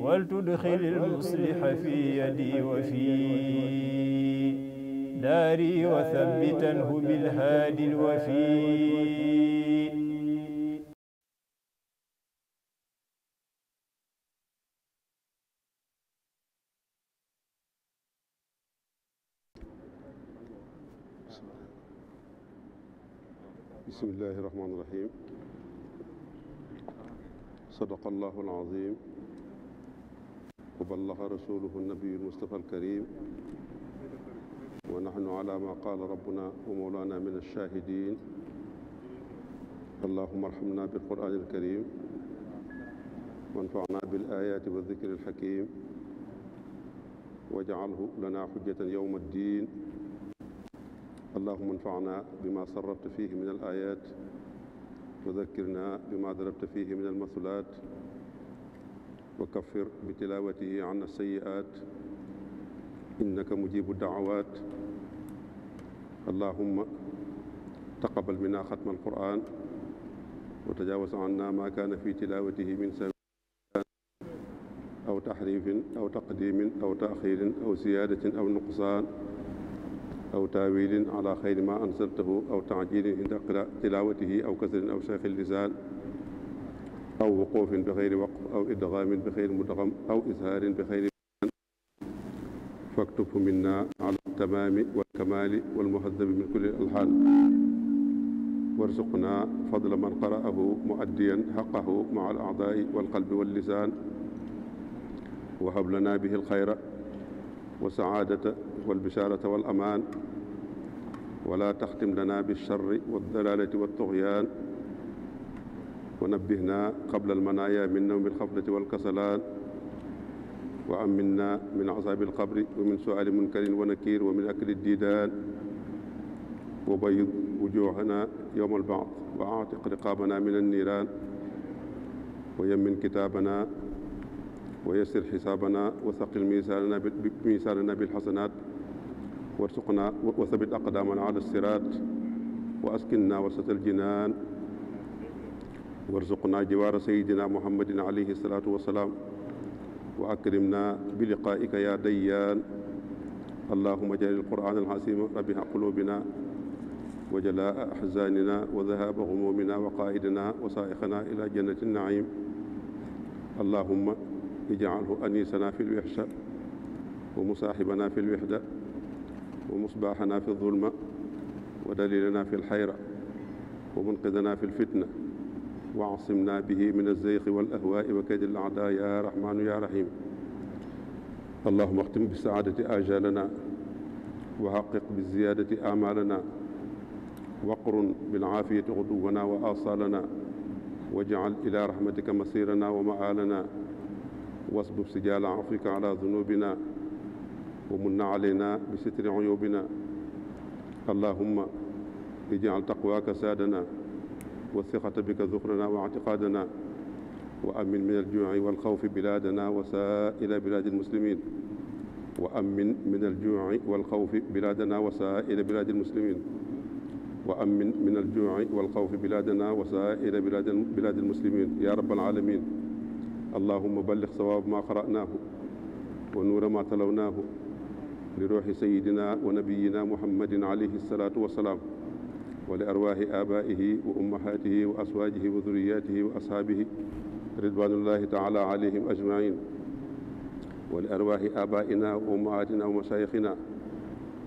ولتدخل المصلح في يدي وفي داري وثبتنه بالهادي الوفي بسم الله الرحمن الرحيم صدق الله العظيم وبلغ رسوله النبي المصطفى الكريم ونحن على ما قال ربنا ومولانا من الشاهدين اللهم ارحمنا بالقرآن الكريم وانفعنا بالآيات والذكر الحكيم واجعله لنا حجة يوم الدين اللهم انفعنا بما صرفت فيه من الآيات وذكرنا بما ضربت فيه من المثلات وكفر بتلاوته عنا السيئات إنك مجيب الدعوات اللهم تقبل منا ختم القرآن وتجاوز عنا ما كان في تلاوته من سبيل أو تحريف أو تقديم أو تأخير أو زيادة أو نقصان أو تاويل على خير ما أنزلته أو تعجيل عند تلاوته أو كسر أو شيخ اللسان aw wuquufin bi xayri waqf aw idgaamin bi xayri mudgam aw ishaarin bi xayri faktubhu minna ala tamaami wal kamaali wal muhaddabi min kulli alxaal warzuqna fadla man qara'ahu muaddiyan xaqahu maa al aadaai wal qalbi wal lisaan wa hab lana bihi al xayra wa saadata wal bishaarata wal amaan wa laa taxtim lana bi sharri wad dalaalati wat tugyaan wa nabbihna qabla almanaaya min nawmi alxaflati walkasalaan wa aminna min asaabi alqabri wa min suaali munkarin wa nakir wa min akli diidaan wa bayid wujuhana yowma albaad wa aatiq riqaabana min anniiraan wa yammin kitaabana wa yassir xisaabana wa saqil miisaanana bilxasanaat warsuqna wa sabit aqdaamana ala siraat wa askinna wasat aljinaan warzuqnaa jiwaara sayidina muhammadin alayhi salaatu wasalaam wa akrimna bi liqaa'ika yaa dayyaan allahuma jalil quraan alxasima rabiha qulubina wa jalaa axzaanina wa dahaaba gumuumina wa qaa'idina wa saa'ixana ila jannati naim allahuma ijcalhu aniisana fi lwixsha wa musaaxibana fi lwixda wa musbaaxana fi zulma wa daliilana fi lxayra wa munqidana fi lfitna واعصمنا به من الزيغ والأهواء وكيد الأعداء يا رحمن يا رحيم اللهم اختم بالسعادة آجالنا وحقق بالزيادة آمالنا وقرن بالعافية غدونا وآصالنا واجعل إلى رحمتك مصيرنا ومآلنا واصبب سجال عفوك على ذنوبنا ومن علينا بستر عيوبنا اللهم اجعل تقواك سادنا والثقة بك ذخرنا واعتقادنا وأمن من الجوع والخوف بلادنا وسائر بلاد المسلمين وأمن من الجوع والخوف بلادنا وسائر بلاد المسلمين وأمن من الجوع والخوف بلادنا وسائر بلاد بلاد المسلمين يا رب العالمين اللهم بلغ صواب ما قرأناه ونور ما تلوناه لروح سيدنا ونبينا محمد عليه الصلاة والسلام ولأرواح آبائه وأمهاته وأزواجه وذرياته وأصحابه رضوان الله تعالى عليهم أجمعين ولأرواح آبائنا وأمهاتنا ومشايخنا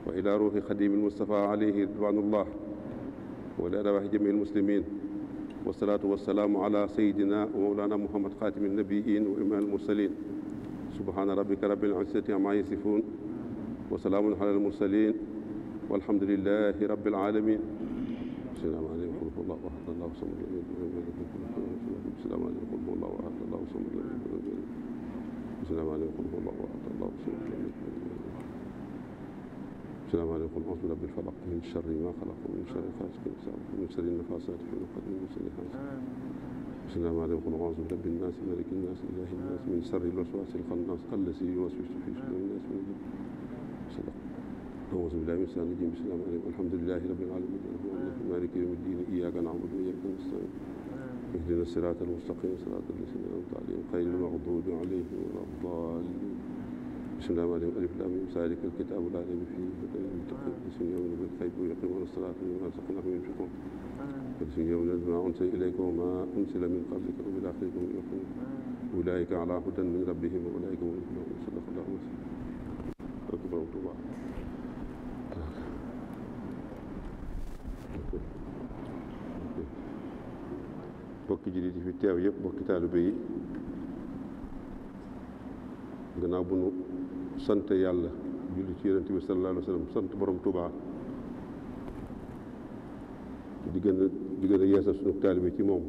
وإلى روح خديم المصطفى عليه رضوان الله ولأرواح جميع المسلمين والصلاة والسلام على سيدنا ومولانا محمد خاتم النبيين وإمام المرسلين سبحان ربك رب العزة عما يصفون وسلام على المرسلين والحمد لله رب العالمين salaamaaleykum wa rahmatulah wa rahmatulah sama njëriñ salaamaaleykum wa rahmatulah sama njëriñ salaamaaleykum wa rahmatulah sama njëriñ salaamaaleykum a'uuzu bi rabbil falaq min sharri maa xalaq min sharri gaasiqin izaa waqab min sharri nafaasaati fil uqad min sharri haasiqin salaamaaleykum a'uuzu bi rabbin naas malikin naas ilaahin naas min sharri l-waswaasil xannaas allazii yuwaswisu fii suduurin naas أعوذ بالله من الشيطان الرجيم بسم الله الرحمن الرحيم الحمد لله رب العالمين مالك يوم الدين إياك نعبد وإياك نستعين اهدنا الصراط المستقيم صراط الذين أنعمت عليهم غير المغضوب عليهم ولا الضالين بسم الله الرحمن الرحيم ألف لام ذلك الكتاب لا ريب فيه هدى للمتقين بسم يوم الخيب ويقيمون الصلاة ومما رزقناهم ينفقون بسم يوم ما أنزل إليك وما أنزل من قبلك وبالآخرة هم يوقنون أولئك على هدى من ربهم وأولئك هم المهتدون jullit yi fi teew yëpp bokki taalibe yi gannaaw bu nu sant yàlla julli ci yonent bi sallallahu alayhi wa sallam sant borom Tuubaa di gën a di gën sunu taalibe ci moom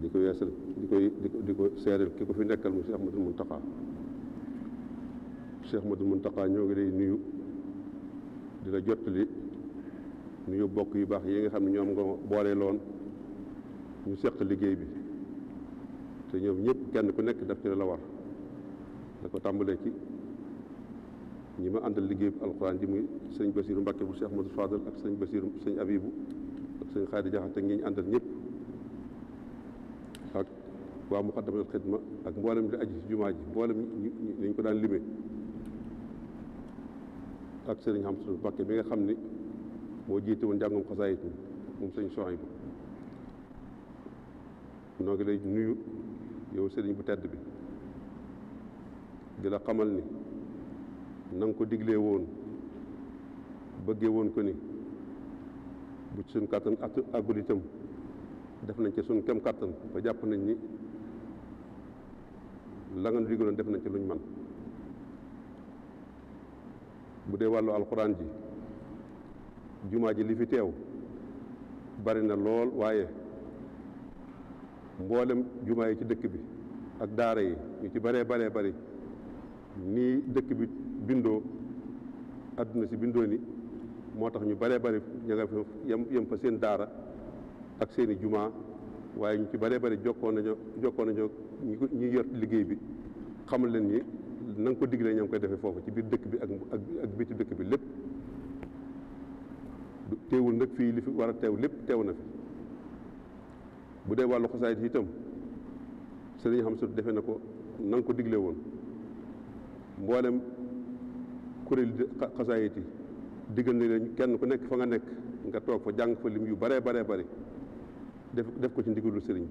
di ko yeesal di koy di ko seereel ki ko fi nekkal mu Cheikh Ahmadul Muntaqa Cheikh Ahmadul Muntaqa ñoo ngi lay nuyu di la li nuyu bokk yu baax yi nga xam ne ñoom nga boole loon ñu seq liggéey bi te ñoom ñëpp kenn ku nekk daf ci la war da ko tàmbalee ci ñi ma àndal liggéey bu alxuraan ji muy sëñ Basiiru Mbàkke bu seex Ahmadou Fadal ak sëñ Basiiru sëñ Abibu ak sëñ Xaadi Jaxate ngi ñu àndal ñëpp ak waa Muqaddamatul Xidma ak mboolem li aju ci jumaa ko daan limee ak sëriñ Xamsatu Mbàkke bi nga xam ni moo jiite woon njàngum xasaayit mi moom sëñ Sohaybu noo ngi nuyu yow sëriñ bu tedd bi di xamal ni na ko digle woon bëggee woon ko ni bu ci suñ kàttan ak àggul itam def nañ ci suñ kem kàttan ba jàpp nañ ni la nga nu digaloon def nañ ci luñ man bu dee wàllu alxuraan ji jumaa ji li fi teew bari na lool waaye mboolem jumaa yi ci dëkk bi ak daara yi ñu ci baree baree bari nii dëkk bi bindoo àdduna si bindoo ni moo tax ñu baree bari ña nga yem fa seen daara ak seen i jumaa waaye ñu ci baree bari jokkoon nañu jokkoon nañu ñi yor liggéey bi xamul leen ni na ko diglee ña ngi koy defee foofu ci biir dëkk bi ak ak biti dëkk bi lépp teewul nag fii li fi war a teew lépp teew na fi bu dee wàllu xasaayit itam sëriñ xam sut defe na ko na ko digle woon mboolem kuréel xasaayit yi diggal kenn ku nekk fa nga nekk nga toog fa jàng fa lim yu baree baree bari def def ko ci ndigalu sëriñ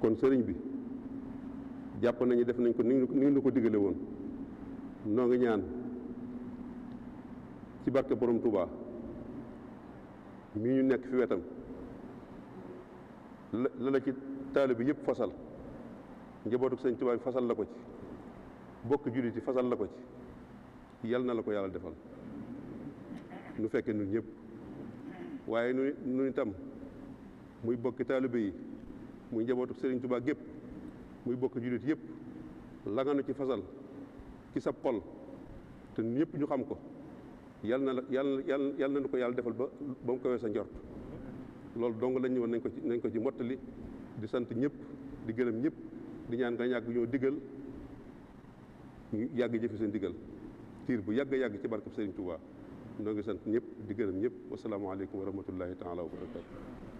kon sëriñ bi jàpp nañu def nañ ko ni ngi la ko diggale woon noo ngi ñaan ci barke borom Touba mi ñu nekk fi wetam la ci taalibe yëpp fasal njabootuk sëñ Tuubaa bi fasal la ko ci bokk jullit yi fasal la ko ci yal na la ko yàlla defal nu fekkee ñun ñëpp waaye nu nu itam muy bokki taalibe yi muy njabootu sëriñ Tuubaa gépp muy bokk jullit yëpp la nga ci fasal ci sa pol te ñëpp ñu xam ko yal na la yal na yal na ko yàlla defal ba ba mu kawee sa njort loolu dong lañ ñëwoon nañ ko ci nañ ko ci mottali di sant ñëpp di gërëm ñëpp di ñaan nga yàgg ñoo diggal ñu yàgg jëfi seen diggal tiir bu yàgg yàgg ci barkab Sëriñ Tuubaa noo sant ñëpp di gërëm ñëpp wasalaamaaleykum wa rahmatullahi taala wa barakatu